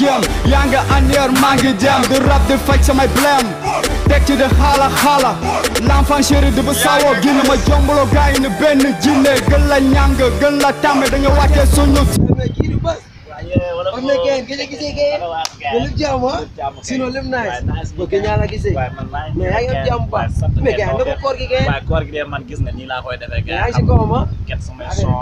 jëm yaa nga aneer maa ngi jëm di rap di faj samay blème teg ci di xaala xaala l'enfant chéri di ba saawoo ginne ma jombaloo gaay ni benn jinne gën la ñàng gën la tàmme dañu wàccee suñu am na kenn gis gisee kenn lépp jàmm ah sinon lépp nice ba gëj naa la gisee mais yaa ngi am jàmm bu baax mais gars nga ko koor gi kenn waaw koor gi de man gis nga nii laa koy defee gars yaa ngi si kawam ah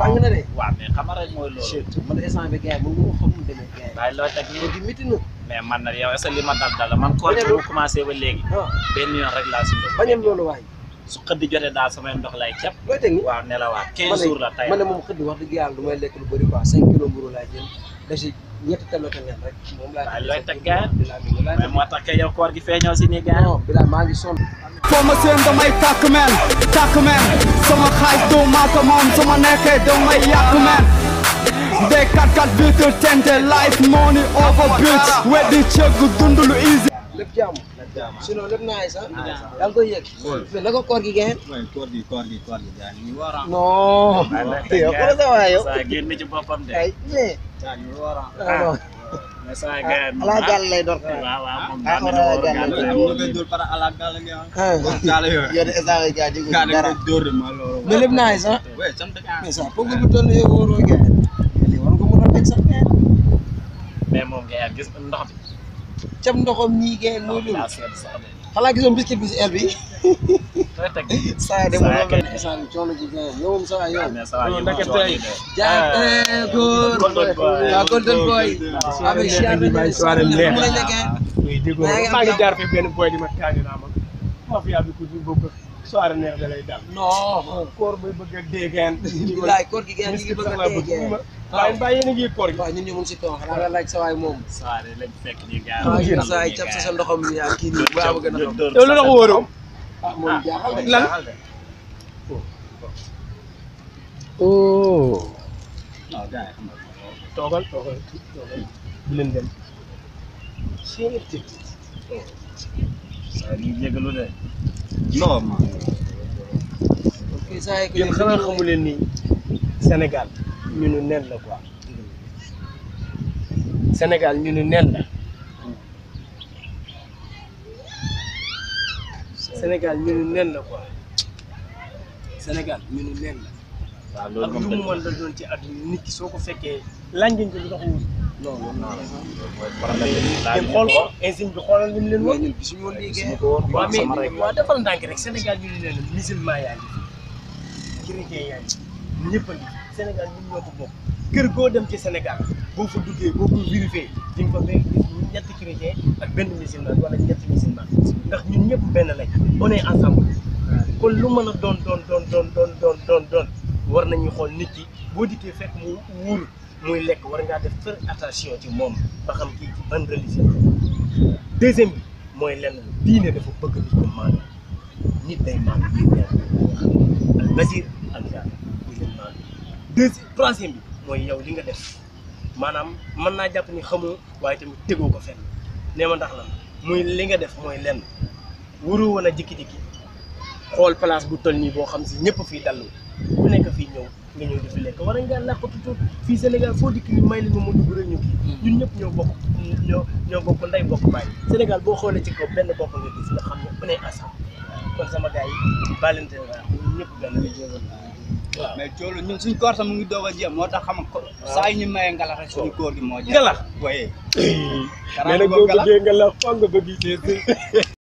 tàng na de waaw mais xam rek mooy loolu man instant bi gars moom xamul demee gars waaye loolu teg nii di métti na mais man nag yow est-ce que li ma dal dal man koor gi bu commencé ba léegi benn yoon rek laa si bañam loolu waay su xëdd jotee daal samay ndox lay ceeb. looy teg waaw ne la waa 15 jours la tey man de moom xëdd wax dëgg yàlla du may lekk lu bëri quoi 5 kilos mburu laay jël. dèjà ñetti tamit a ñan rek. moom laa looy tëggee mais moo tax kay yow koor gi feeñoo si nii gars. non bilaa maa ngi sonn. foo ma seen damay tàkk meen tàkk meen sama xaaj doo maa ko moom su ma nekkee damay yàq meen. day kat kat biitu tente life money over bitch weddi cëgg dund lu easy. lépp jàmm sinon lépp naay ah. sax da nga koy yëg mais naka koor gi ngeen. koor gi koor gi koor gi non. yow xoolal sa waay yow. saa génn ci boppam de. ala gaal lay door melib naa yi sax mais sax foog bu toll yow wóoroo gars yi lii war nga mën a teg sax gars mais moom gars ndox bi cam ndoxam ñii gars moo dul xalaa biscuit bi si nooy teg saa yi de mu doon la saa yi coono ji gën yow moom saa yow. waaw mais saa yi jaate góor waaw golden boy. avec Cheikh Ndiaye soirée leer maa ngi jaar fi benn boy di ma taañu naa ma ma fi abi ku ci bokk soirée neex da lay dal. non koor buy bëgg a dee gën. bilaay koor gi gën ñu ngi bëgg a dee gën. waaw mbaa yéen a ngi koor gi. waaw ñun ñu ngi si toog xanaa nga laaj sa waay moom. soirée lañ fekk ñu gaaw. waaw yéen saa yi cap sa sa ndoxam yaa kii nii bu baax a gën a xam. yow lu tax wóoroo. ah mooy ah, jaaxal oh. de lan. oh. waaw gars yi toogal toogal toogal dem. waaw ñu jégalu de. non man. leen ni Sénégal ñu nu la quoi. Sénégal ñu nu la. Sénégal ñu nu nen la quoi Sénégal ñu nu nen la. waaw loolu moom mu mën la doon ci àdduna nit ki soo ko fekkee laaj ngeen ko lu tax wut. non non non xool ko insigne bi xoolal ñu leen woon. suñu woon liggéey waaw mais waaw defal ndànk rek Sénégal ñu nen la musulman yaa ngi fi chrétien yaa ngi fi ñëpp Sénégal ñun ñoo ko bokk. kër goo dem ci Sénégal boo fa duggee boo ko vérifié di nga ko fekk ñetti chrétien ak benn musulman wala ñetti musulman ndax ñun ñëpp benn lañ on est ensemble kon lu mën a doon doon doon doon doon doon doon doon war nañu xool nit ki boo dikkee fekk mu wóolu muy lekk war ngaa def très attention ci moom ba xam kii ci ban religion deuxième bi mooy lenn diine dafa bëgg nit ko maanu nit day maanu yéen ñaar al basir ak daal bu leen maanu deuxième troisième bi mooy yow li nga def maanaam man naa jàpp ni xamoo waaye tamit tegoo ko fenn nee ma ndax lan muy li nga def mooy lenn waroo woon a jikki-jikki xool place bu toll nii boo xam si ñëpp fii dallu ku nekk fii ñëw nga ñëw di fi lekk war ngaa làqatu tuut fii Sénégal foo dikk ñu may la ñu mu dugg rek ñu kii ñun ñëpp ñoo bokk ñoo ñoo bokk nday bokk baay Sénégal boo xoolee ci kaw benn bopp nga gis nga xam ne bu ne asam kon sama gars yi balante ñun ñëpp benn la mais coolu ñun suñ koor sa mu ngi doog a jéem moo tax xam ko saa ñu maye ngalax rek suñu koor gi moo jeex ngalax waaye mais nag boo bëggee ngalax foog nga bëgg